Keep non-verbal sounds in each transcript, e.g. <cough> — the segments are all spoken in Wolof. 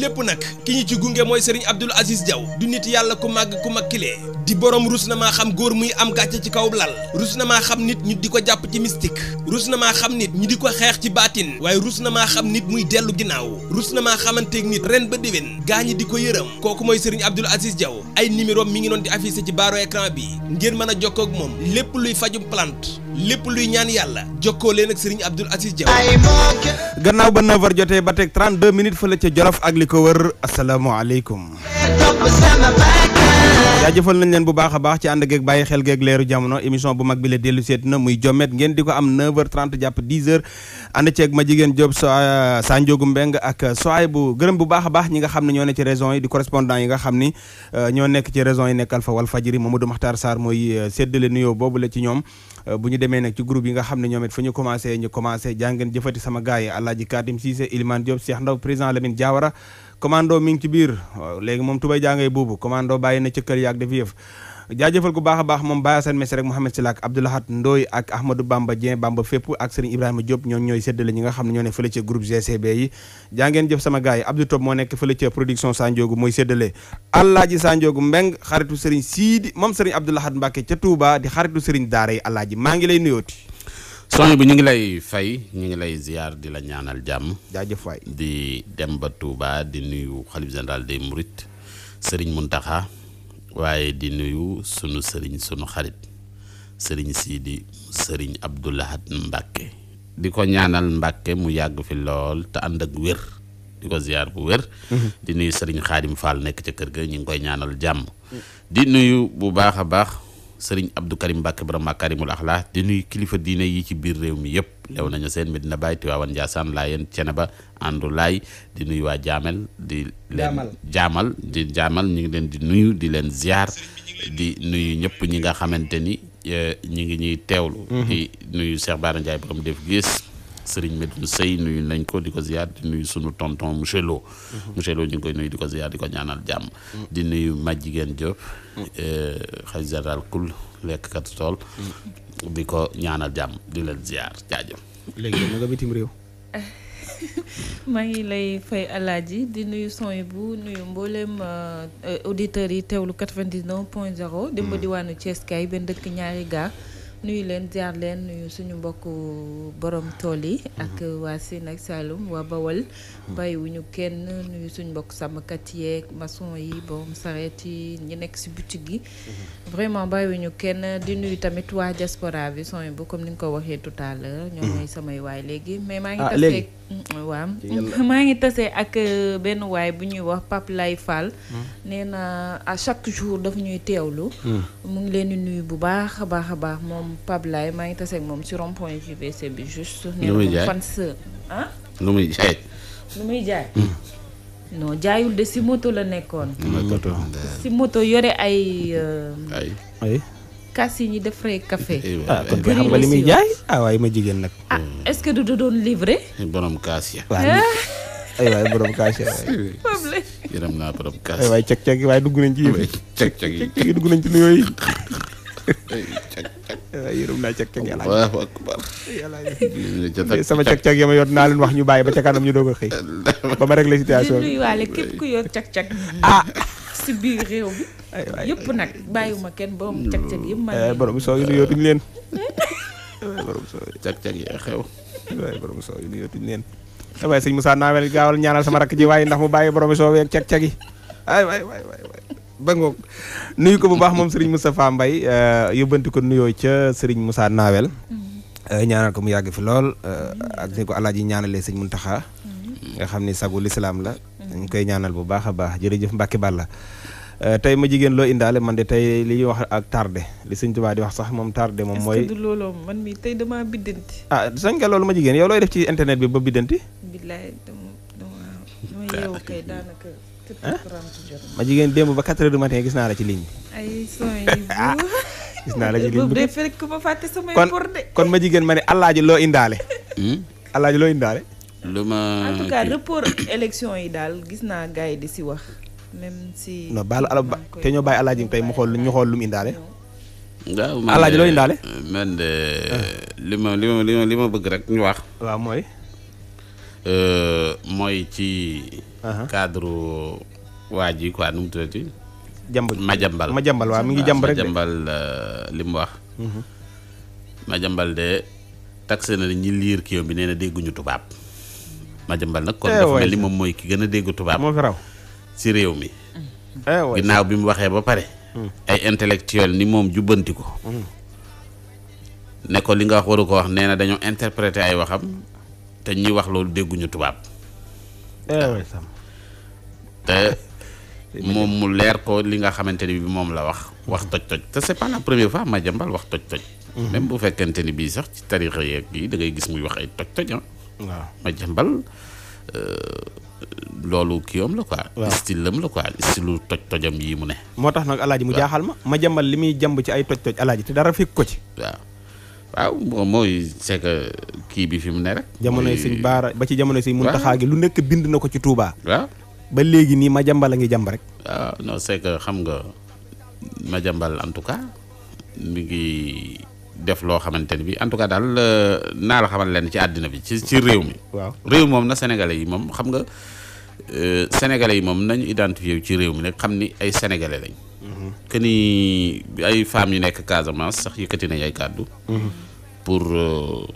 lépp nag ki ñu ci gunge mooy Serigne Abdoul Aziz Diaw du nit yàlla ku màgg ku mag kilee di boroom ruus na maa xam góor muy am gàcce ci kaw lal rus na maa xam nit ñu di ko jàpp ci mystique rus na maa xam nit ñu di ko xeex ci baatin waaye ruus na maa xam nit muy dellu ginnaaw rus na maa xamanteeg nit ren ba déwén gaa ñi di ko yërëm kooku mooy Serigne Abdoul Aziz Diaw ay numéro mi ngi doon di affiché ci baro écran bi ngeen mën a jokkoo ak moom lépp luy fajum plante lépp luy ñaan yàlla jokkoo leen ak Serigne Abdoul Aziz Diaw. gannaaw ba 9h jotee ba teg 32 minutes fële ca Jolof ak li ko wër asalaamaaleykum. jaajëfal nañ leen bu baax a baax ci ànd geeg bàyyi xel geeg leeru jamono émission bu mag bi la dellu seet na muy jommet ngeen di ko am 9h30 jàpp 10h ànd ceeg ma jigéen Diop so sa Ndiogu Mbeng ak soay bu gërëm bu baax a baax ñi nga xam ne ñoo ne ci raison yi di correspondant yi nga xam ni euh, ñoo nekk ci raison yi nekkal fa wal fajiri Mamadou Makhtar Sarr mooy euh, séddale nuyoo boobu la ci ñoom euh, bu ñu demee nag ci groupe yi nga xam ne ñoom it ñu commencé ñu commencé jàngeen jëfati sama gars yi Alaaji Kadim Cissé Ilimane Diop Cheikh Ndaw président commando mi ngi ci biir léegi moom tubay jaa ngay buubu commando bàyyi na cëkkal yaag def yëf jaajëfal ku baax a baax moom Baye Assane Messi rek Mouhamed Silak Abdoulahat Ndoy ak Ahmadou Bamba Dieng Bamba fépp ak Serigne Ibrahima Diop ñoom ñooy séddale ñi nga xam ne ñoo ne fële ca groupe GCB yi jangeen jëf sama gars yi moo nekk fële ca production Sanjoogu mooy séddale Alaaji Sanjoogu Mbeng xaritu Serigne Siidi moom Serigne Abdoulahat Mbacke ca Touba di xaritu Serigne daara yi maa ngi lay nuyooti soñ bi ñu ngi lay fay ñu ngi lay ziar di la ñaanal jàmm. jaajëf di dem ba Touba di nuyu xalif général des Mourides Serigne Mountakha waaye di nuyu sunu Serigne sunu xarit Serigne Sidi sëriñ Abdou Lahad Mbacke. di ko ñaanal Mbacke mu yàgg fi lool te ànd ak wér di ko ziar bu wér. Mhm. di nuyu Serigne Khadim Fall nekk ca kër ga ñu ngi koy ñaanal jàmm. di nuyu bu baax a baax. sëriñ Abdou Karim Mbacke borom Makarimul Axlaa di nuyu kilifa diine yi ci biir réew mi yëpp. lew nañu seen Medina Baye Tiwaawan Njaasaan Laayeen Ceneba Andu Laay di nuyu waa Jaamel di leen jaamal di jaamal ñu ngi leen di nuyu di leen ziar di nuyu ñëpp ñi nga xamante ni eh, ñu ngi ñuy teewlu. Mm-hmm. di nuyu Cheikh Bara Ndiaye borom def gis. Serigne Medoune Seye nuyu nañ ko di ko ziar di nuyu sunu tonton monsieur Lo. Mhm. monsieur Lo ñu ngi koy nuyu di ko ziar di ko ñaanal jàmm. Mhm. di nuyu Madjigéen Diop. xaj mhm. eh, général kul lekk kat tool. di ko ñaanal jàmm di leen ziar jaajëf. léegi nga bitim réew. <laughs> maa ngi lay fay alaaji di nuyu son yi bu nuyu mboolem euh, auditeurs yi tewlu 99 point 0. démb diwaanu Thiès kay benn dëkk ñaari gaa nuyu leen ziar leen nuyu suñu mbokk borom tool yi mhm. ak waa Sine ak Saloum waa Bawol mhm. bàyyi wu kenn nuyu suñu mbokk sàmmkat yeeg maçon yi borom sareet yi ñi nekk si boutique yi mhm. vraiment bàyyi kenn di nuyu tamit waa diaspora bi son bu comme ni nga ko waxee tout à l'heure samay waay léegi mais maa ngi ah, tasee mm, waaw <laughs> maa ngi tasee ak euh, benn waay bu ñuy wax Pape Lay Fall nee na à chaque jour daf ñuy teewlu mu ngi leen di nuyu bu baax a baax a baax moom Pape Laye maa ngi tase ak moom ci rond point JVC bi juste. lu muy jaay fan sër ah? lu muy jaay. lu jaayul de si moto la nekkoon. Mm. moto si moto yore ay. Euh, ay ay. kaas yi ñuy defaree café. Eh, ah kon xam nga li muy jaay ah waaye ma jigéen nag. ah est-ce que du doon livré. borom kaas ya. Ah. aywaay borom kaas ya waay. <laughs> yërëm naa yi waaye dugg nañ ci. cek cek dugg nañ ci yi. <laughs> yërëm naa cag-cag yàlla waaw akbar yàlla <laughs> sama cag-cag yama yor naa leen wax ñu bàyyi ba ca kanam ñu doog a xëy <laughs> ba ma réglé situation di nuyuwaale képp ku yor cag-cag ah si biir réew bi yëpp nag bàyyiwuma kenn borom cag-cag yëpp man borom soo yu nuyoo duñ leen <laughs> xew borom soo yu nuyoo duñ leen waaye sëñ Moussa naawel gaawal ñaanal sama rakk ji waaye ndax mu bàyyi borom soo weeg cag ba ngoog nuyu ko bu baax moom Serigne Moustapha mbay euh, yóbbanti ko nuyoo ca Serigne Moussa Nawel mm-hmm. euh, ñaanal ko mu yàgg fi lool euh, mm-hmm. ak ni ko alaaji ñaanalee sëñ Muntaxa mm-hmm. nga xam ni sagu lislaam la ñu koy ñaanal bu baax a baax jërëjëf Mbacke la tey ma jigéen loo indaale man de tey li ñuy wax ak tardé li sëñ Tuubaa di wax sax moom tardé moom mooy looloo man mi tey dama biddanti ah loolu ma jigéen yow looy def ci internet bi ba biddanti billaay dama dama yeewu kay ma jigéen démb ba 4 heures du gis naa la ci ligne bi. ay ah, ah. gis naa la ci ligne bi kon ma jigéen ma ne alaaji loo indaale. Hmm? alaaji loo indaale. lu ma en yi daal gis naa gars di si wax. même si. non baalu ala te ñoo xool lu mu indaale. waaw man alaaji loo ah. li ma li li ma bëgg rek ñu wax. waaw mooy. Euh, mooy ci. Uh-huh. cadre waa ji quoi nu mu tuddati. jambal ma ma jambal waaw mi ngi jàmb rek de ma euh, li mu wax. Uh-huh. ma jambal de taxé na ñi liir kii bi nee na dégguñu tubaab. ma nag kon eh dafa mel ni moom mooy ki gën a dégg tubaab. moo fi si réew mi. Eh ginnaaw bi mu waxee ba pare. Hmm. ay intellectuel ni moom jubbanti ko. Hmm. ne ko li nga wax waru ko wax nee na dañoo interpréter ay waxam te ñuy wax loolu dégguñu tubaab. Eh, te moom mu leer ko li nga xamante ni bi moom la wax wax toj-toj te c'est pas la première fois Madiambal wax toj-toj. Mhm. même bu fekkente ni bii sax ci tarixa yeeg yi da ngay gis muy wax ay toj-toj ah. waaw Madiambal euh, loolu kii am la quoi. waaw style am la ko quoi style toj-tojam yii mu ne. moo tax nag alaaji mu jaaxal ma Madiambal li muy jàmb ci ay toj-toj alaaji te dara fekk ko ci. waaw moom mooy c'est kii bi fi mu ne rek. jamonoy sëñ Baara ba ci jamono sëñ Muntaxa gi lu nekk bind na ko ci Touba. waaw ba léegi nii ma jàmbal a ngi jàmb rek. waaw ah, non xam nga ma jàmbal en tout cas mi ngi def loo xamante ni bi en tout cas daal euh, naa la xamal leen ci àddina bi ci ci réew mi. waaw réew moom na sénégalais yi moom xam nga euh, sénégalais yi moom nañ nañu identifié ci réew mi nag xam ni ay sénégalais lañ. que ni ay femmes yu nekk Casamance sax yëkkati nañ ay kàddu. pour euh,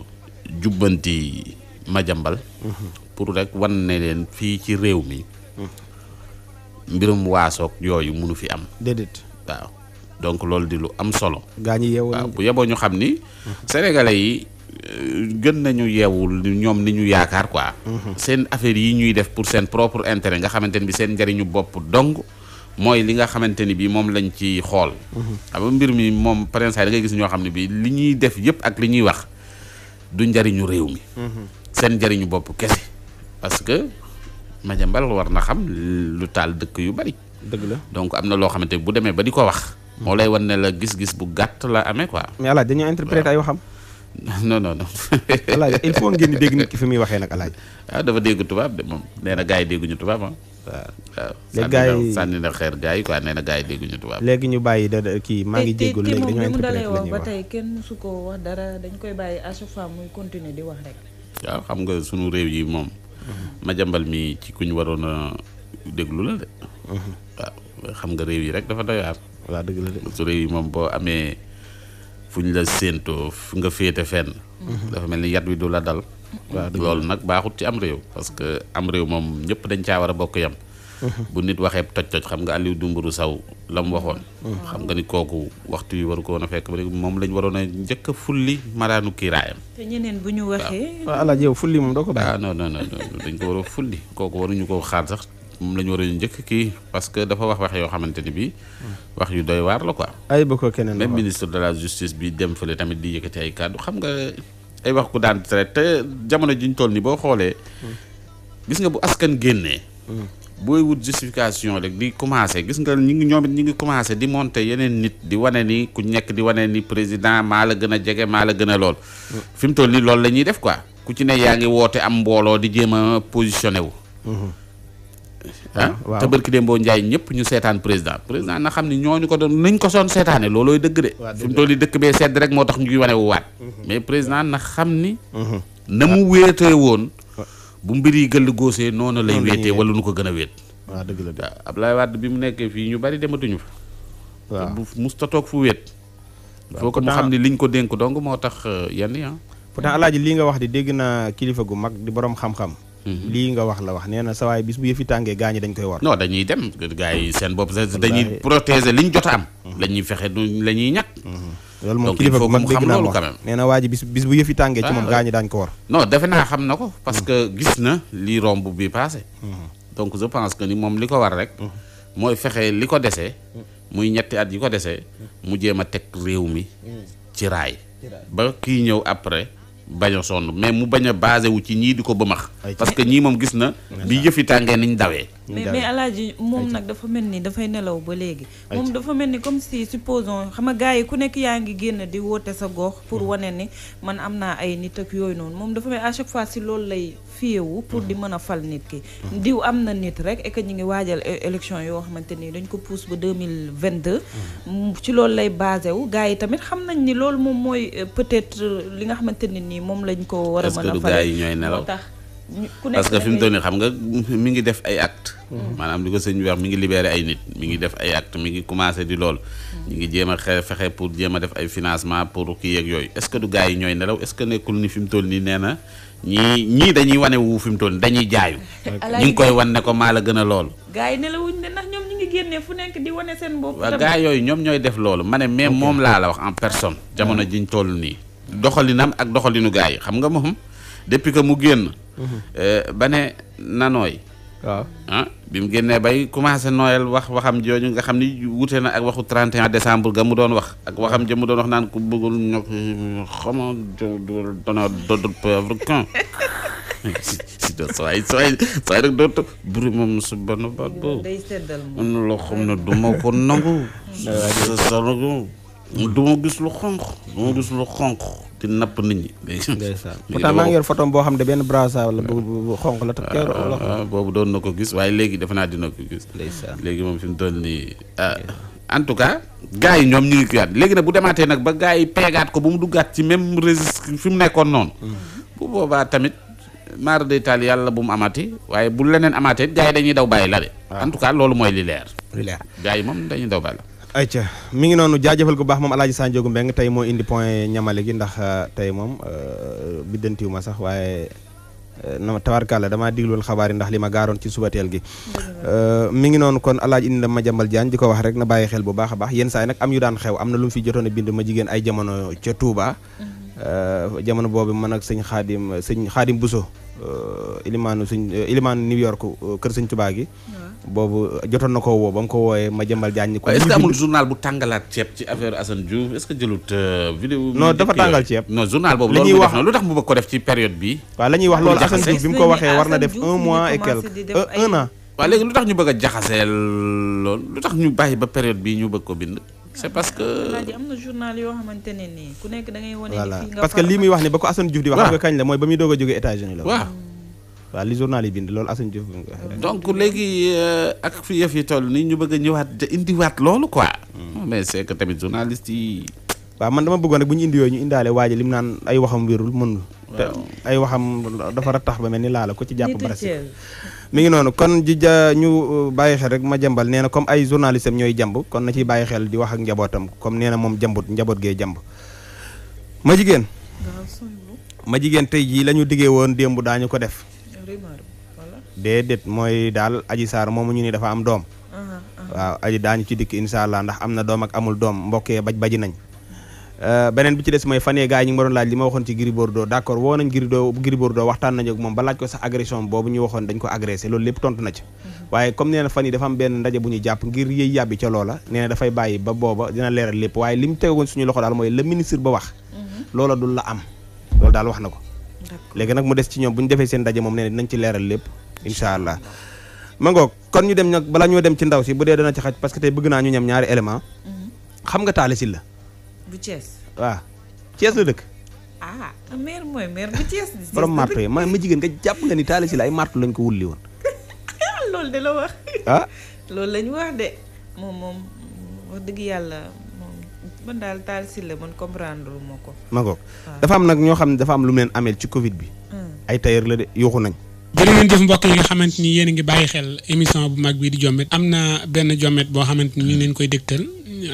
jubbanti Madiambal. pour rek wan ne leen fii ci réew mi. mbirum waasoog yooyu munu fi am. déedéet waaw donc loolu di lu am solo. gaa ñi yeewul waaw bu yeboo ñu xam ni. sénégalais yi euh, gën nañu yeewul ñoom ni ñu yaakaar quoi. Mhm. seen affaire yi ñuy def pour seen propre intérêt nga xamante ni bi seen njëriñu bopp dong. mooy li nga xamante ni bii moom lañ ci xool. xam nga mbir mi moom prince da gis ñoo xam ne bii li ñuy def yëpp ak li ñuy wax du njariñu réew mi. seen njariñu bopp kese parce que Madiambal war na xam lu taal dëkk yu bari. dëgg la donc am na loo xamante bu demee ba di ko wax. moo lay wan ne la gis-gis bu gàtt la amee ko mais alaaj dañuy interpréter ay waxam. <laughs> non non non. <laughs> Alaaji il faut ngeen di dégg nit ki fi muy waxee nag Alaaji. ah dafa dégg tubaab de moom nee na gars yi dégguñu tubaab ah. waaw léegi gars yi sànni na xeer gars yi nee na gars yi dégguñu tubaab. léegi ñu bàyyi da kii maa ngi jégalu léegi dañoo interpellé la ñuy wax te te moom ba tey kenn su ko wax dara dañ koy bàyyi à fois muy continuer di wax rek. waaw xam nga sunu réew yi moom. Madiambal mi ci ku ñu waroon a déglu la de. Mhm. waaw xam nga réew yi rek dafa doy waar. waaw dëgg la de su réew yi moom boo amee. fu ñu la séentoo fu nga féete fenn. Mhm. dafa mel ni yat wi du la dal. waaw mhm. loolu nag baaxut ci am réew parce que am réew moom ñëpp dañ caa a bokk yam. Mhm. bu nit waxee toj-toj xam nga Aliou Dumburu Saw la mu waxoon. xam nga ni kooku waxtu yi waru ko woon a fekk moom lañ waroon a njëkk a fulli maraanu kiiraayam. te ñeneen bu ñu waxee. waaw waaw Alaaji yow fulli moom doo ko bàyyi. ah non non non ko war a fulli kooku waruñu koo xaar sax moom la ñu war a njëkk kii parce que dafa wax wax yoo xamante ni bii. wax yu doy waar la quoi. ay ba ko keneen même ministre de la justice bi dem fële tamit di yëkkati ay kàddu xam nga ay wax ku daan traité te jamono ji ñu toll boo xoolee. gis nga bu askan génnee. booy wut justification rek di commencé gis nga ñi ngi ñoom ñi ngi commencé di monter yeneen nit di wane ni ku nekk di wane ni président maa la gën a jege maa la gën a lool. fi mu toll nii loolu la ñuy def quoi ku ci ne ngi woote am mbooloo di jéem a positionné wu. Mhm. ah, ah te barki dem boo njaay ñëpp ñu seetaan président président na xam ne ñooñu ko doon nañ ko soon seetaane loolooy dëgg de fi mu yi dëkk bee sedd rek moo tax ñuy wane wu waat mhm. mais président na xam ni mhm. na mu ah. wéetee woon bu mbir yi gëll góosee noonu lay wéetee wala ko gën a wéet dëgg la waaw Abdoulaye Wade bi mu nekkee fii ñu bari dematuñu fa waaw bu toog fu wéet foo ko mu xam ne liñ ko dénk donc moo tax euh, yenn ah pourtant alaaji lii nga wax di dégg naa kilifa gu mag di borom xam-xam Mhm. lii nga wax la wax nee na sa waay bis bu yëfi tàngee gaañi dañ koy war non dañuy dem gars yi seen bopp dañuy protéger liñ jot am mhm. la ñuy fexe du la ñuy ñàkk mhm. loolu moom kilifa bu mag dégg naa wax nee na waa ji bis bis bu yëfi tàngee ci moom ah, gaañi daañ ko war non defe naa xam na ko parce que gis na lii romb bi passé donc je pense que ni moom li ko war rek mooy fexe li ko desee muy ñetti at yi ko desee mu jéem a teg réew mi ci raay ba kii ñëw après bañ a sonn mais mu bañ a basé wu ci ñii di ko bëmax parce que ñii moom gis na bi yëfi tàngee niñ dawee mais mais alaaji moom nag dafa mel ni dafay nelaw ba léegi moom dafa mel ni comme si supposons xam nga gars yi ku nekk yaa ngi génn di wote sa gox pour hmm. wane ni man am naa ay nit ak yooyu noonu moom dafa mel à chaque fois si loolu lay fiyewu pour di mm-hmm. mën a fal nit ki mm-hmm. diw am na nit rek et que ñu ngi waajal e-, élection yoo xamante ni dañ ko pousse ba 2022 mm-hmm. ci loolu lay basé wu gars tamit xam nañ ni loolu moom mooy euh, peut-être euh, li nga xamante ne nii moom lañ ko war a mën a fal ñooy nelaw tax parce que fi mu toll nii xam nga mi ngi def ay acte maanaam li mi ngi libéré ay nit mi ngi def ay acte mi ngi commencé di loolu ñu ngi jéem a fexe pour jéem a def ay financement pour kii yeeg yooyu est-ce que du gars yi ñooy nelaw est-ce que nekkul ni fi mu toll nii nee ñii ñii dañuy wane wu fi mu toll dañuy jaayu. ñu ngi koy wan ne ko maa la gën a loolu. gars yi ne la wuñ ne ndax ñoom ñu ngi génnee fu nekk di wane seen bopp. waaw yooyu ñoom ñooy def loolu ma ne même moom laa la wax en personne. jamono jiñ toll nii. doxalinam ak doxalinu gars yi xam nga moom depuis que mu génn. Mhm. Euh, ba ne nanooy. waaw ah bi mu génnee bay commencé noël wax waxam jooju nga xam ni wute na ak waxu 31 décembre ga mu doon wax ak waxam ja mu doon wax naan ku bëggul ñok xama dona dodd pauvre kan sooy sooy sooy rek dootu buri moom su benn baat boobu am na loo xam ne du ma ko nangu <laughs> du ma gis lu xonq du ma gis lu xonq ci napp nit ñi. ndeysaan <laughs> pourtant boo xam ne benn brassard la bu la te teeru ah, ah, boobu doon na ko gis waaye léegi defe naa dina ko léegi moom fi mu toll nii ah, en tout cas gars yi ñoom ñu ngi léegi nag bu demaatee nag ba gars yi peegaat ko bu mu duggaat ci même registre fi mu nekkoon noonu. Mm. bu boobaa tamit. maar de taal yàlla bu mu amati waaye bu leneen amaatee gars yi dañuy daw bàyyi la de. en tout cas loolu mooy li leer. li leer gars yi moom dañuy daw bàyyi la. ayca mi ngi noonu jaajëfal gu baax moom alaaji Sanjoogu Mbeng tey moo indi point ñamale gi ndax euh, tey moom euh, biddantiwu ma sax waaye euh, na tabarkàlla damaa digloon xabaar yi ndax li ma gaaroon ci suba teel gi mi ngi noonu kon alaaji indi na ma jambal jaan di ko wax rek na bàyyi xel bu baax a baax yenn saay nag am yu daan xew am na lu mu fi jotoon a bind ma jigéen ay jamono ca Touba. Mm-hmm. jamono boobu man ak sëñ xaadim sëñ xaadim Buso ilimaanu sëñ ilimaanu New York kër sëñ Touba gi boobu jotoon na koo woo ba mu ko wooyee ma jëmbal jaañ ko est-ce amul journal bu tàngalaat ceeb ci affaire Assane Diouf est-ce que jëlut euh, vidéo non dafa tàngal ceeb non journal boobu loolu wax lu tax mu bëgg ko def ci période bi waaw la ñuy wax loolu Assane Diouf bi mu ko waxee war na def un mois et quelque euh, un an lu tax ñu bëgg a jaxaseel loolu lu tax ba période bi ñu bëgg bind parce que am na journal yoo xamante ne nii ku nekk da ngay wane ni fii nga parce que lii muy wax ni ba ko Assane Diouf di wax xam nga kañ la mooy ba muy doog a jóge États-Unis la waaw waaw yi bind loolu Assane Diouf donc léegi euh, ak fi yëf yi toll nii ñu bëgg a ñëwaat indiwaat loolu quoi. Hmm. mais c'est que tamit yi. waaw man dama bëggoon rek bu ñu indi ñu indaale waaji lim naan ay waxam wérul mënul. ay waxam dafa tax ba mel ni laa ko ci jàpp. barasi mu ngi noonu kon ji ja ñu euh, bàyyi xel rek ma jambal nee na comme ay journaliste am ñooy jamb kon na ciy bàyyi xel di wax ak njabootam comme nee na moom jambut njaboot gee jamb ma jigéen. ma jigéen tey jii lañu ñu woon démb daañu ko def. déedéet mooy daal aji saar moomu ñu ni dafa am doom waaw aji daañu ci dikk incha allah ndax am na doom ak amul doom mbokkee baj baji nañ euh, beneen bi ci des mooy fanee gars yi ñu ma doon laaj li ma waxoon ci Gris Bordeaux d' accord woo nañ Gris Bordeaux Gris Bordeaux waxtaan nañu ak moom ba laaj ko sax agression boobu ñu waxoon dañ ko agressé loolu lépp tontu na ci mhm. waaye comme nee fan yi dafa am benn ndaje bu ñu jàpp ngir yëy yàbbi ca loola nee na dafay bàyyi ba booba dina leeral lépp waaye li mu tegoon suñu loxo daal mooy le ministre mhm. loola dul la am loolu daal wax na ko léegi nag mu des ci ñoom bu ñu defee seen daje moom nee nañ ci leeral lépp incha allah ma ngoog kon ñu dem nag bala ñoo dem ci ndaw si bu dee dana ci xaj parce que tey bëgg naa ñu ñam ñaari élément mm-hmm. xam nga Talla Sylla bu Thiès waaw Thiès la dëkk ah mère mooy mère bu Thiès borom marto yi ma ma jigéen nga jàpp nga ni Talla la ay marto lañ ko wulli woon <laughs> loolu de la wax ah loolu lañ wax de moom moom wax dëgg yàlla man ma ko. ma ko ah. dafa am nag ñoo xam ne dafa am lu mu leen ameel ci Covid bi. Hmm. ay tailleur la de yuuxu nañ. jërë ngeen jëf mbokk yi nga xamante ni yéen a ngi bàyyi xel émission bu mag bii di jommet am na benn jommet boo xamante ni ñu leen koy dégtal.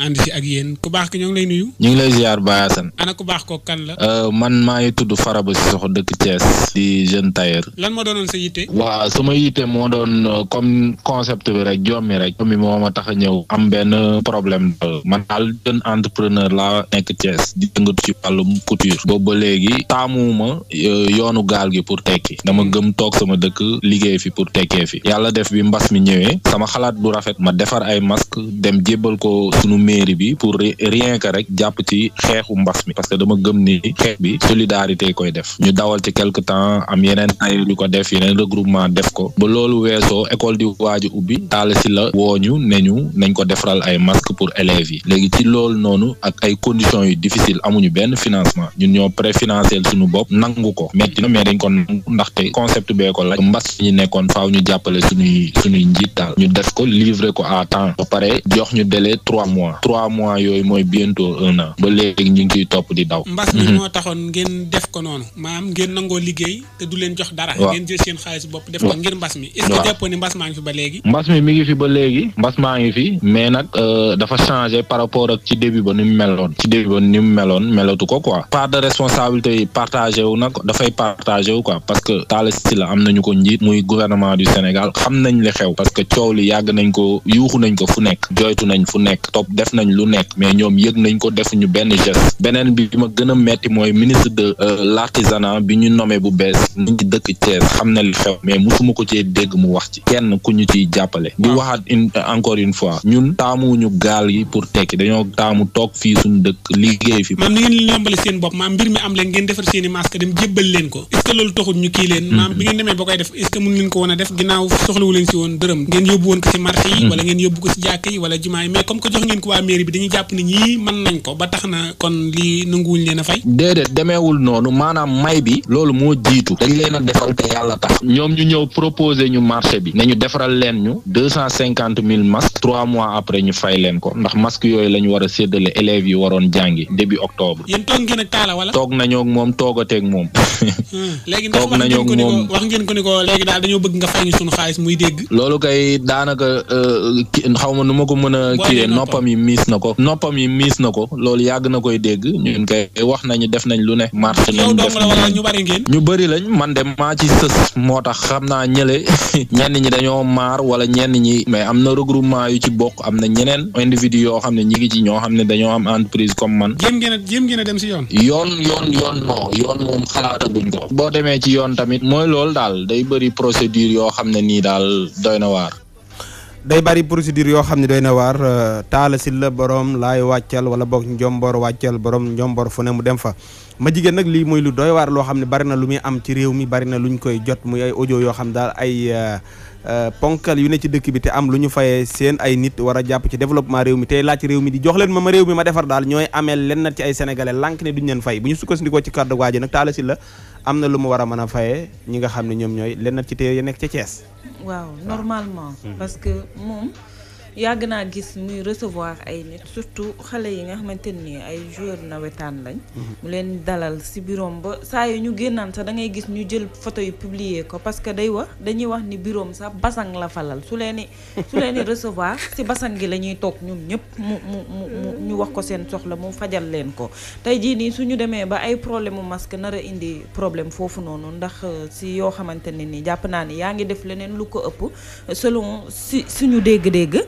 ànd si ak yéen ku ki ñoo ngi lay nuyu. ñu ngi lay ziar Baye Assane. ana ku baax ko kan la. Euh, man maa ngi tudd Faraba Sissoko dëkk Thiès. di jeune tailleur. lan moo doonoon sa yitte. waaw sama yitte moo doon euh, comme concept rek jommi rek. mi moo tax a ñëw. am benn problème. man daal jeune entrepreneur la nekk Thiès. di yëngatu ci wàllum couture. boobu ba léegi taamuwuma euh, yoonu gaal gi pour tekki. dama gëm toog sama dëkk liggéey fi pour tekkee fi. yàlla def bi mbas mi ñëwee. sama xalaat bu rafet ma defar ay masque dem jébbal ko sunu mairie bi pour rien que rek jàpp ci xeexu mbas mi parce que dama gëm ni xeex bi solidarité koy def ñu dawal ci quelque temps am yeneen ay ko def yeneen regroupement def ko ba loolu weesoo école di waaju ubbi taal si la wooñu ne ñu nañ ko defaral ay masque pour élèves yi léegi ci loolu noonu ak ay conditions yu difficile amuñu benn financement ñun ñoo préfinancé suñu bopp nangu ko metti na mais dañ ko nangu ndaxte concept bee ko laaj mbas ñu nekkoon faaw ñu jàppale suñuy suñuy njiit daal ñu def ko livrer ko à temps ba pare ñu délai trois mois trois mois yooyu mooy bientôt un an ba léegi ñu ngi ciy topp di daw. mbas mi mhm. moo taxoon ngeen def ko noonu maam ngeen nangoo liggéey te du leen jox dara. ngeen jël seen xaalis bopp def ko ngir mbas mi. mbas ba léegi. mbas mi mi ngi fi ba léegi mbas maa ngi fi mais nag euh, dafa changé par rapport ak ci début ba ni mu meloon ci début ba ni mu meloon melatu ko quoi part de responsabilité yi partagé wu nag dafay partagé wu quoi parce que Talla Sylla am nañu ko njiit muy gouvernement du Sénégal xam nañ li xew parce que coow li yàgg nañ ko yuuxu nañ ko fu nekk def nañ lu nekk mais ñoom yëg nañ ko defuñu benn geste beneen bi ma gën a metti mooy ministre de euh, l'artisanat bi ñu nommé bu bees ñu ngi dëkk Thiès xam na li xew mais cee dégg mu wax ci kenn ku ñu yombale seen bopp maam mbir mi am leen ngeen defar seen i masque dem jébbal leen ko est ce que loolu taxul ñu kii leen mm-hmm. maam bi ngeen demee ba koy def est ce que ko woon def ginnaaw soxlawu leen woon dërëm ngeen yóbbu woon ko si marché yi mm-hmm. wala ngeen yóbbu ko si jàkk yi wala jumaa yi waa mairie bi dañuy jàpp ne ñii mën nañ ko ba tax na kon lii nanguwuñ leen a fay. déedéet demeewul noonu maanaam may bi loolu moo jiitu dañ leen a defal te yàlla tax ñoom ñu ñëw proposer ñu marché bi ne ñu defaral leen ñu deux cent cinquante mille masques trois mois après ñu fay leen ko ndax masques yooyu la ñu war a séddale élèves yi waroon jàngi début octobre. yéen toog ngeen ak Talla wala. toog nañoo moom toogateeg moom. <laughs> Hmm. léegi ndax wax ngeen ko wax ngeen ko ni ko léegi daal dañoo bëgg nga fay ñu sunu xaalis muy dégg. loolu kay daanaka euh, xaw ma nu ma ko mën a. kiiyee noppam yi miis na ko. noppam yi miis na ko loolu yàgg na koy dégg ñun kay wax nañu def nañ lu ne. marché lañ def ñu bari ñu bari lañ man dem maa ci sës moo tax xam naa ñële <laughs> ñenn ñi dañoo maar wala ñenn ñi mais am na regroupement yu ci bokk am na ñeneen individu yoo xam ne ñi ngi ci ñoo xam ne dañoo am entreprise comme man. jéem ngeen a jéem ngeen a dem yoon. yoon yoon yoon non yoon xalaataguñ ko boo demee ci yoon tamit mooy loolu daal day bëri procédure yoo xam ne nii daal doy na waar. day bëri yoo xam ne doy na waar euh, taala si la borom laay wàccal wala boog njomboor wàccal borom njomboor fu ne mu dem fa ma jigéen nag lii mooy lu doy waar loo xam ne bari na lu muy am ci réew mi bari na lu ñu koy jot muy ay ojo yoo xam daal ay euh, euh, ponkal yu ne ci dëkk bi te am lu ñu fayee seen ay nit war a jàpp ci développement réew mi tey laaj réew mi di jox leen ma ma réew mi ma defar daal ñooy amee lenn ci ay sénégalais lànk ne leen fay bu ñu sukkandikoo ci kàddu waa ji nag taala la am na lu mu war a mën a fayee ñi nga xam ne ñoom ñooy lenn ci téere yi nekk ca Thiès. waaw normalement. Hmm. parce que moom. yàgg naa gis muy recevoir ay nit surtout xale yi nga xamante nii ay joueurs nawetaan lañ. Mhm. mu leen dalal si birom ba saa yu ñu génnaan sax da ngay gis ñu jël photo yu publier ko parce que day wax dañuy wax ni birom sax basang la falal su leen su leen recevoir si <laughs> basang gi la ñuy toog ñoom ñëpp mu mu mu ñu wax ko seen soxla mu fajal leen ko tey jii nii su ñu demee ba ay problème mu masque nar a indi problème foofu noonu ndax si euh, yoo xamante ne nii jàpp naa ni yaa ngi def leneen lu ko ëpp selon si suñu dégg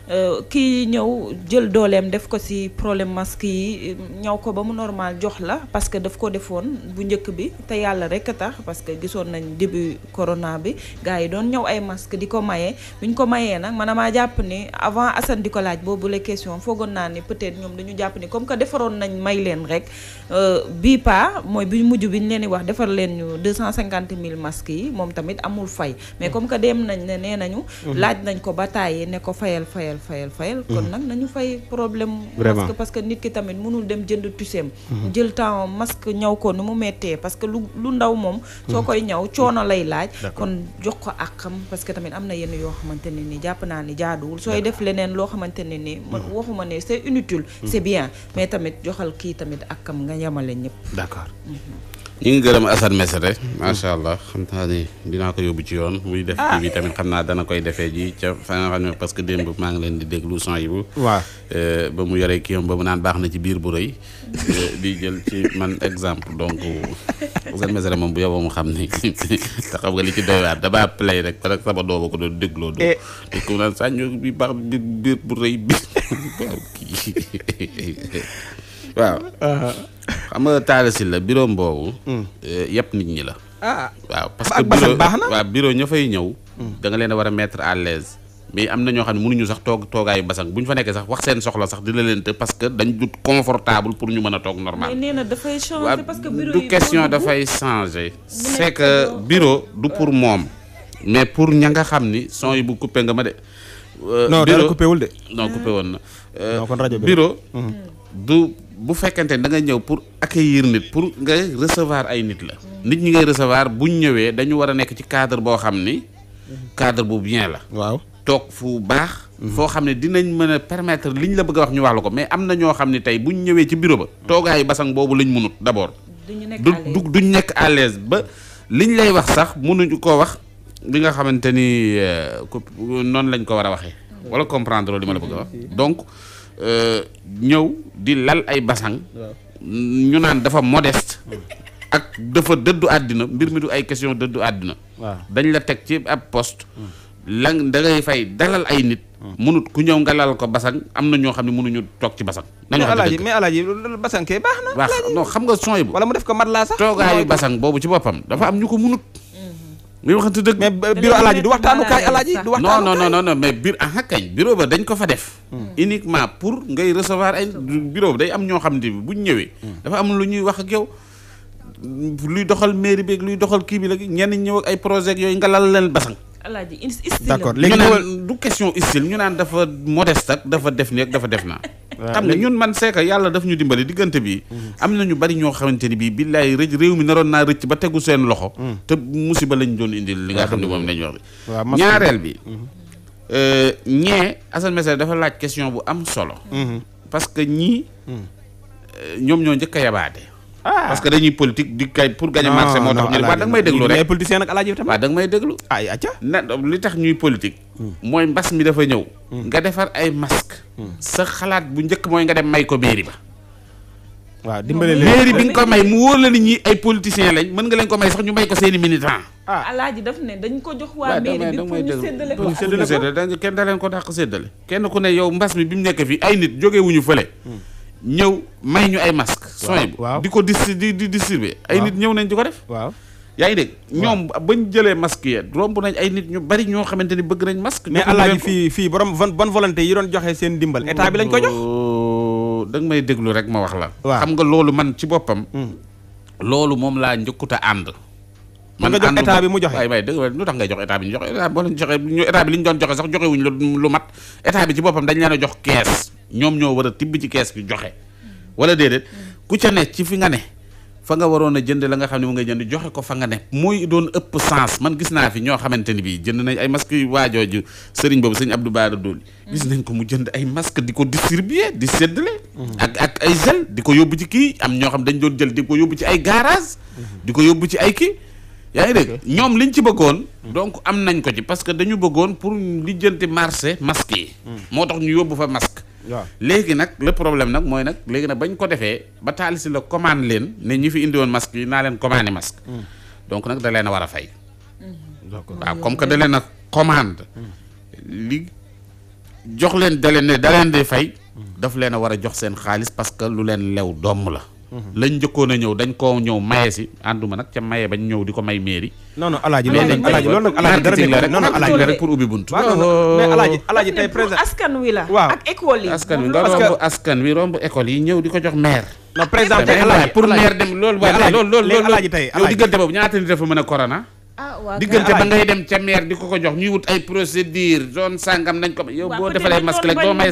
Euh, kii ñëw jël dooleem def ko ci problème masque yi ñaw ko ba mu normal jox la parce que daf ko defoon bu njëkk bi te yàlla rek a tax parce que gisoon nañ début corona bi gars yi doon ñëw ay masque di ko maye ñu ko mayee nag man maa jàpp ni avant Assane di boobu la foogoon naa ni peut-être ñoom dañu jàpp ni comme que defaroon nañ may leen rek euh, bi pa mooy bi mujj bi ñu leen di wax defar leen ñu deux cent cinquante mille masques yi moom tamit amul fay mais mm. comme que dem nañ ne nee nañu mm-hmm. laaj nañ ko ba tàyyi ne ko fayal fayal fayal fayal. kon mhm. nag nañu fay problème. vraiment masque parce que nit ki tamit mënul dem jënd tuseem. Mhm. jël temps masque ñaw ko nu mu méttee parce que lu lu ndaw moom. soo mhm. koy ñaw coono lay laaj. kon jox ko àqam parce que tamit am na yenn yoo xamante ne nii jàpp naa ni jaaduwul sooy def leneen loo xamante ne ni. waxuma ne c'est inutile. c'est bien mais tamit joxal kii tamit ak àqam nga yemale ñëpp. d'accord. ñu ngi gërëm Assane Mesere macha allah xam naa ne dinaa ko yóbbu ci yoon muy def kii ah. bi tamit xam naa dana koy defee ji ca fa nga xam ne parce que démb maa ngi leen di déglu son yi bu euh, ba mu yoree kii am ba mu naan baax na ci biir bu rëy euh, di jël ci man exemple donc euh, Assane Mesere moom bu yoboo mu xam ni te xam nga li ci doy waar damaa play rek parce que sama dooma ko doon dégloo do te eh. ku naan sàñño bi baax biir bu rëy <laughs> waaw uh-huh. xam nga Talla Sylla bureau boobu. Mm. Eh, yëpp nit ñi la. ah waaw parce que bureau baax na fay ñëw. Mm. da leen a war a mettre à l'aise mais am na ñoo xam ne mënuñu sax toog toogaayu basang bu ñu fa nekkee sax wax seen soxla sax dina leen të parce que dañ du confortable pour ñu mën a toog normal. mais nee na dafay changer parce que bureau du question dafay changer. c'est du pour moom. mais pour ña nga xam ni son yi bu coupé nga ma de. Euh, non dara de. non coupé woon na. kon rajo euh, bureau mm. du. bu fekkante da nga ñëw pour accueillir nit pour nga recevoir ay nit la nit ñi ngay recevoir buñ ñëwee dañu war a nekk ci cadre boo xam ni cadre bu bien la waaw toog fu baax foo xam ne dinañ mën a permettre liñ la bëgg a wax ñu wax la ko mais am na ñoo xam ni tey buñ ñëwee ci biro ba toogaayu basang boobu lañ mënut d'abord du duñ nekk à l'aise ba liñ lay wax sax mënuñu ko wax li nga xamante ni euh, noonu lañ ko war a waxee wala comprendre li ma la bëgg a wax ñëw di lal ay basang ñu naan dafa modeste ak dafa dëddu àddina mbir mi du ay question dëddu àddina dañ la teg ci ab post la da ngay fay dalal ay nit mënut ku ñëw nga lal ko basang am na ñoo xam ne mënuñu toog ci basang nañu alaaji mais alaaji basang kay baax na xam nga sooy bu wala mu def ko mat laa sax toogaayu basang boobu ci boppam dafa am ñu ko mënut muy waxante dëgg. mais bureau alaaji du waxtaanukaay alaaji du waxtaanu non non non mais biir ah kañ bureau ba dañ ko fa def. Hmm. uniquement pour ngay recevoir ay bureau day am ñoo xam ne bu ñu ñëwee. Hmm. dafa am lu ñuy wax ak yow. luy doxal mairie beeg luy doxal kii bi la ñenn ñëw ay projets yooyu nga lal leen basang alaaji style d'accord léegi du question style ñu naan dafa modeste ak dafa def nii ak dafa def naa. <laughs> xam nga ñun man c'est yàlla daf ñu dimbali diggante bi mhm. am na ñu bari ñoo xamante ni bii billaay rëj réew mi naroon naa rëcc ba tegu seen loxo. Mhm. te musiba lañ doon indi li nga xam ne moom lañ wax bi ñaareel bi. Mhm. Euh, ñee Assane Messere dafa laaj question bu am solo. parce que ñii. Euh, ñoom ñoo njëkk a yabaate. ah parce que dañuy politique di kay pour gagner marché moo tax ñu ne waaw da nga may déglu rek mais politicien nga may déglu ay acca na li tax ñuy politique mooy mbas mi dafa ñëw hmm. nga defar ay masque hmm. sa xalaat bu njëkk mooy nga dem may ko mairie ba waaw dimbale leen mairie bi nga ko may mu wóor la nit ñi ay politiciens lañ mën nga leen ko may sax ñu may ko seeni militant ah alaaji daf ne dañ ko jox waa mairie bi pour kenn da leen ko dàq séddale kenn ku ne yow mbas mi bi mu nekk fii ay nit jógee wuñu fële hmm. ñëw may ñu ay masque soin bi di ko dis di di distribuer ay nit ñëw nañ di ko def waaw yaa ngi ñoom bañ jëlee masque ya romb nañ ay nit ñu bari ñoo xamante ni bëgg nañ masque mais alaaji fii fii borom bonne volonté yi doon joxe seen dimbal état bi lañ ko jox danga may déglu rek ma wax la xam nga loolu man ci boppam hmm. loolu moom laa njëkkut a ànd man nga jox état bi mu joxe waay waay dëgg lu tax ngay jox état bi ñu joxe état boo leen joxe ñu ñu doon joxe sax joxe wuñ lu mat état bi ci boppam dañ leen a jox kees ñoom ñoo war a tibb ci kees bi joxe wala déedéet ku ca ne ci fi nga ne fa nga waroon a jënd la nga xam ne mu ngay jënd joxe ko fa nga ne muy doon ëpp sens man gis naa fi ñoo xamante ni bii jënd nañ ay masque yu waajooju sëriñ boobu sëriñ Abdou Bara Dolly gis nañ ko mu jënd ay masque di ko distribuer di séddale ak ak ay gel di ko yóbbu ci kii am ñoo xam dañ doon jël di ko yóbbu ci ay garage mm-hmm. di ko yóbbu ci ay kii yaa ngi dégg ñoom liñ ci bëggoon. donc am nañ ko ci parce que dañu bëggoon pour lijjanti marché masque yi. Hmm. moo tax ñu yóbbu fa masque. léegi nag le problème nag mooy nag léegi nag bañ ko defee ba taalisi la commande leen ne ñi fi indiwoon woon masque yi naa leen commandé masque. Hmm. donc nag da leen a war a fay. Hmm. waaw comme que da leen a commande. li jox leen da leen ne da fay. daf leen a war a jox seen xaalis parce que lu leen lew doom la. Mm-hmm. lañ njëkkoon a ñëw dañ koo ñëw maye si ànduma nag ca maye bañ ñëw di ko may mairie. non non alaaji loolu nag alaaji loolu nag alaaji dara tey président askan wi la. waaw ak école yi. askan wi nga romb askan wi romb école yi ñëw di ko jox maire. non président tey alaaji pour maire dem loolu. waaye loolu loolu loolu yow boobu ñaata nit mën a corona. Ah, diggante ba ngay dem ca maire di ko ko jox ñuy wut ay procédure zone sangam nañ ko yow boo defalee masque rek doo moom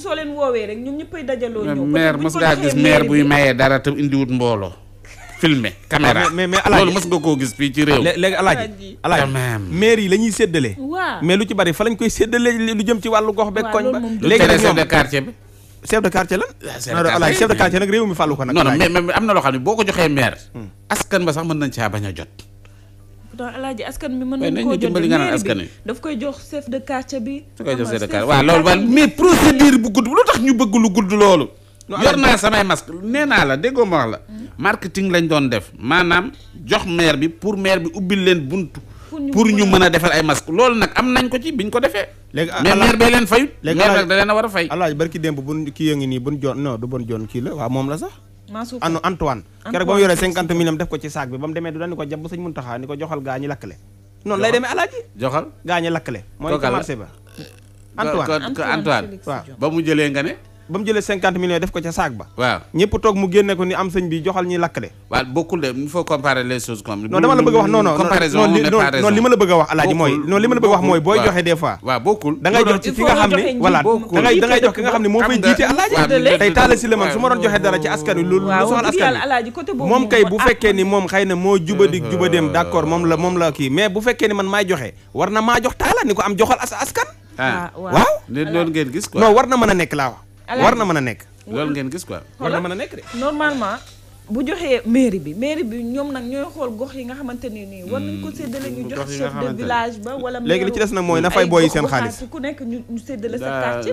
soo leen woowee rek ñoom ñëppay dajaloo ñëw maire mos ngaa gis buy mayee dara te indiwut mbooloo filmé caméra ah, mais mais alaaji loolu mos nga koo gis fii ci réew ah, léegi alaaji alaaji maire yi la ñuy séddale waaw mais lu ci bari fa lañ koy séddale lu jëm ci wàllu gox beeg koñ ba léegi nag de quartier bi chef de quartier la waaw ah, chef de quartier nag réew mi ko nag. non non mais am na loo xam ne boo ko joxee maire. Hmm. askan ba sax mën nañ caa bañ a jot. pourtant alaaji askan bi mën nañ koo jot askan bi daf koy jox chef de quartier bi. su loolu waaw mais procédure bu gudd lu tax ñu bëgg lu gudd loolu. yor naa samay masque nee naa la déggoo ma wax la. Hmm. marketing lañ doon def maanaam jox maire bi pour maire bi ubbil leen bunt pour ñu mën a defar ay masque loolu nag am nañ ko ci biñ ko defee léegi mais maire bee leen fayut léegi maire nag da leen a war a fay alaaj barki démb buñ kii yëngi nii buñ joon non du bon joon kii la waaw moom la sax anu Antoine keroog ba mu yoree cinquante millions def ko ci saak bi ba mu demee du daan ni ko jàpp sëñ Muntaxa ni ko joxal gaa ñi lakkale noonu lay demee alaaji joxal gaa ñi lakkale mooy marché ba Antoine Antoine ba mu jëlee nga ne ba mu jëlee cinquante millions def ko ca saag ba. waaw ñëpp toog mu génne ko ni am sëñ bi joxal ñuy lakk de. waaw bokkul de il faut comparer dama la bëgg a wax non non comparaison la bëgg a wax alaaji mooy. non li la bëgg a wax mooy booy joxe des fois. jox ci moo fay jiite alaaji tey taala si la askan moom kay bu fekkee ni moom xëy na moo jubadi jubadeem d'accord moom la moom la kii mais bu fekkee ni man maay joxe war na maa jox taala ni ko am joxal as askan ah. Ah, waaw loolu ngeen gis quoi non war na mën a nekk laa wax war na mën a nekk. loolu ngeen gis quoi. war na a nekk de. bu joxee mairie bi mairie bi ñoom nag ñooy xool gox yi nga xamante ne nii. war nañ ko hmm, ba wala. léegi li ci des nag mooy na fay booy seen xaalis ku nekk ñu séddale sa quartier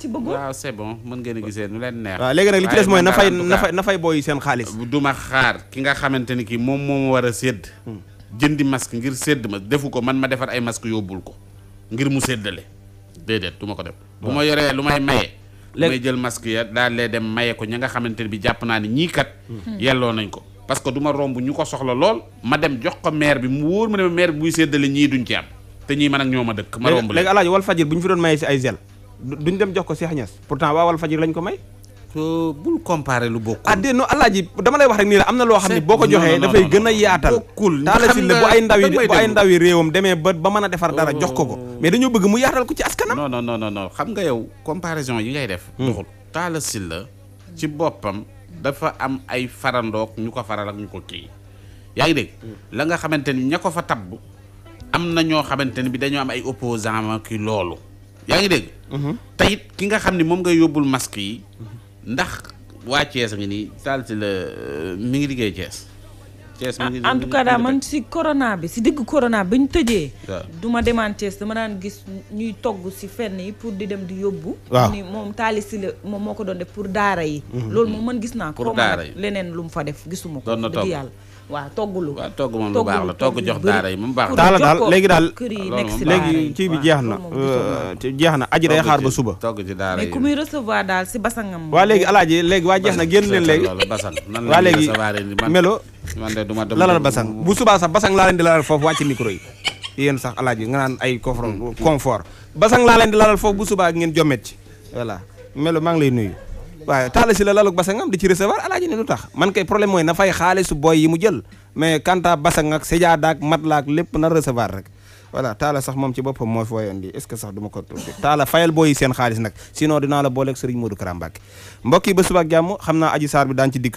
ci bëggoon. waaw mën ngeen a nu leen neex. waaw léegi nag li ci des mooy na fay na fay na fay booy seen xaalis. Euh, duma xaar ki nga xamante ni kii moom moo war a sédd. Hmm. jëndi masque ngir sédd ma defu ko man ma defar ay masque yóbbul ko ngir mu séddale déedéet du ko def bu ma yoree lu may maye léegi may jël masque ya daal lee dem mayee ko ñi nga xamante ne bi jàpp naa ne ñii kat hmm. yelloo nañ ko parce que du romb ñu ko soxla lool ma dem jox ko maire bi mu wóor ma ne maire bi buy séddale ñii duñ ci am te ñii man ak ñoo ma dëkk ma romb léegi alaaji wal fajir bu ñu fi doon maye si ay zel duñ dem jox ko Cheikh Niass pourtant waa wal fajir lañ ko may Euh, bul comparer lu bokkul. ah dé non alaaji dama lay wax rek nii la am na loo xam ne boo ko joxee dafay gën a yaatal bokkul taala si ndaw yi ndaw yi réewam demee ba ba mën a defar dara oh. jox ko ko mais dañoo bëgg mu yaatal ko ci askanam non non non non xam nga yow comparaison yi ngay def hmm. doxul taala si la ci boppam dafa am ay farandoog ñu ko faral ak ñu ko kii yaa ngi dégg hmm. la nga xamante ni ña ko fa tabb am na ñoo xamante ni bi dañoo am ay opposant ki loolu yaa ngi dégg hmm. te it ki nga xam ne moom ngay yóbbul masque yi ndax waa Thiès ngi nii Talla Sylla euh, mi ngi liggéey Thiès. Thiès mi ngi ah, en tout cas daal man si corona bi si digg corona bi ñu tëjee. du ma demaan Thiès dama daan gis ñuy togg si fenn yi pour di dem di yóbbu. waaw ni moom Talla la moom moo ko doon def pour daara yi. Mhm. loolu moom man gis naa. pour daara leneen lu mu fa def gisuma ko. doon na yàlla. waaw toggulu waaw togg moom lu baax la togg jox daara yi moom baax la daal léegi daal léegi kii bi jeex na jeex na aji day xaar ba suba togg ci daara yi ku muy recevoir daal si basangam waa léegi alaaji léegi waa jeex na génn leen léegi basang waa léegi melo man de duma lalal basang bu subaa sax basang laa leen di lalal foofu wàcc micro yi yéen sax alaaji nga naan ay confort hmm. confort basang laa leen di lalal foofu bu subaa ngeen jommet ci voilà melo maa ngi lay nuyu waaye taala si la laluk basangam di ci recevoir alaaji ne lu tax man kay problème mooy na fay xaalisu boy yi mu jël mais kanta basang ak séjaada ak matla lépp na recevoir rek voilà taala sax moom ci boppam moo fi wayoon lii est sax du ma ko taala fayal booyi seen xaalis nag sinon dinaa la booleeg Serigne Modou Kara Mbacké ba suba ak xam naa aji saar bi daan ci dikk